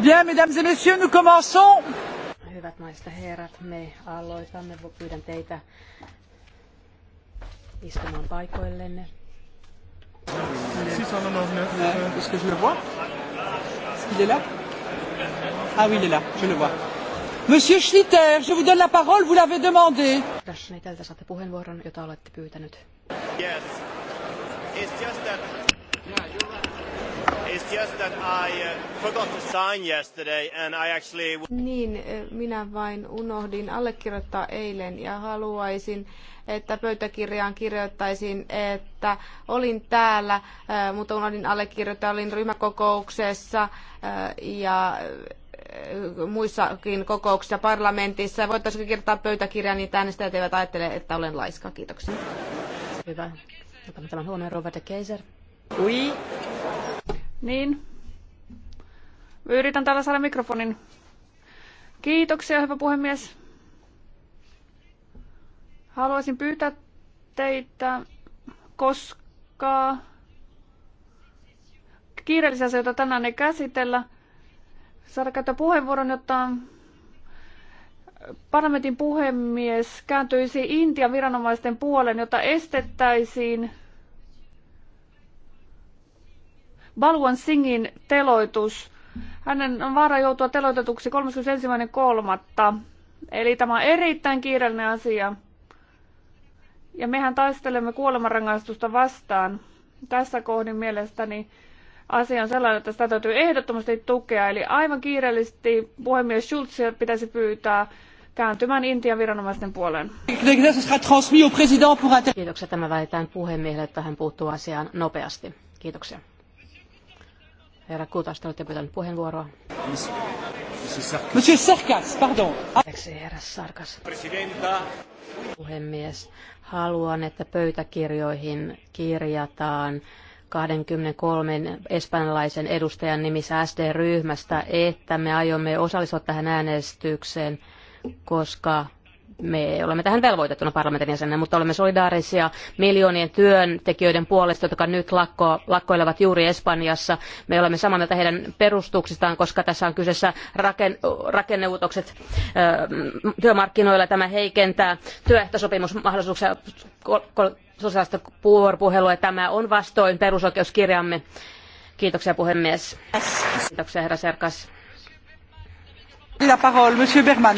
Bien, mesdames et messieurs, nous commençons. Hyvät naiset ja herrat, me aloitamme. Pyydän teitä istumaan paikoillenne. Euh, est-ce que je le vois Est-ce qu'il est là Ah oui, il est là, je le vois. Monsieur Schlitter, je vous donne la parole, vous l'avez demandé. Schlitter, saatte puheenvuoron, jota olette pyytänyt. Yes. It's just that niin, minä vain unohdin allekirjoittaa eilen ja haluaisin, että pöytäkirjaan kirjoittaisin, että olin täällä, eh, mutta unohdin allekirjoittaa, olin ryhmäkokouksessa eh, ja eh, muissakin kokouksissa parlamentissa. Voitaisiinko kirjoittaa pöytäkirjaan, niin äänestäjät eivät ajattele, että olen laiska. Kiitoksia. Hyvä. Otamme tämän huomioon. Robert Keiser. Oui. Niin. Yritän täällä saada mikrofonin. Kiitoksia, hyvä puhemies. Haluaisin pyytää teitä, koska kiireellisiä asioita tänään ei käsitellä, saada käyttää puheenvuoron, jotta parlamentin puhemies kääntyisi Intian viranomaisten puolen, jotta estettäisiin Baluan Singin teloitus. Hänen on vaara joutua teloitetuksi 31.3. Eli tämä on erittäin kiireellinen asia. Ja mehän taistelemme kuolemanrangaistusta vastaan. Tässä kohdin mielestäni asia on sellainen, että sitä täytyy ehdottomasti tukea. Eli aivan kiireellisesti puhemies Schulzia pitäisi pyytää kääntymään Intian viranomaisten puoleen. Kiitoksia. Tämä väitään puhemiehelle, että hän puuttuu asiaan nopeasti. Kiitoksia. Herra Kutasta, olette pyytänyt puheenvuoroa. Monsieur Sarkas, pardon. Anteeksi, herra Sarkas. Presidenta. Puhemies, haluan, että pöytäkirjoihin kirjataan 23 espanjalaisen edustajan nimissä SD-ryhmästä, että me aiomme osallistua tähän äänestykseen, koska me olemme tähän velvoitettuna parlamentin jäsenenä, mutta olemme solidaarisia miljoonien työntekijöiden puolesta, jotka nyt lakko, lakkoilevat juuri Espanjassa. Me olemme samaa mieltä heidän perustuksistaan, koska tässä on kyseessä raken, rakenneuutokset työmarkkinoilla. Tämä heikentää työehtosopimusmahdollisuuksia sosiaalista vuoropuhelua ja tämä on vastoin perusoikeuskirjamme. Kiitoksia puhemies. Kiitoksia herra Serkas. La parole, monsieur Berman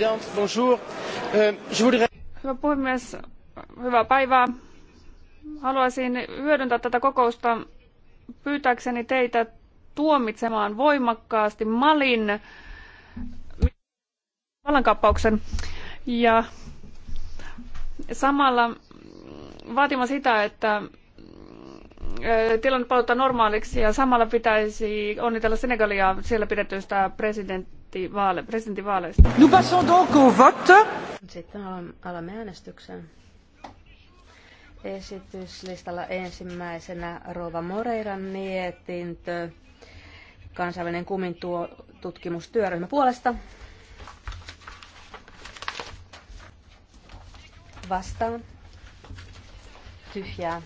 présidente, bonjour. Euh, je voudrais... Hyvä puhemies, hyvää päivää. Haluaisin hyödyntää tätä kokousta pyytääkseni teitä tuomitsemaan voimakkaasti Malin vallankaappauksen ja samalla vaatimaan sitä, että tilanne palautetaan normaaliksi ja samalla pitäisi onnitella Senegalia siellä pidetyistä presidentti vaale, presidentinvaaleista. Nous passons donc au vote. Sitten alamme Esityslistalla ensimmäisenä Rova Moreiran mietintö. Kansainvälinen kumin tuo tutkimustyöryhmä puolesta. Vastaan. Tyhjää.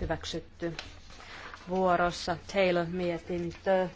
Hyväksytty. Vuorossa Taylor mietintö.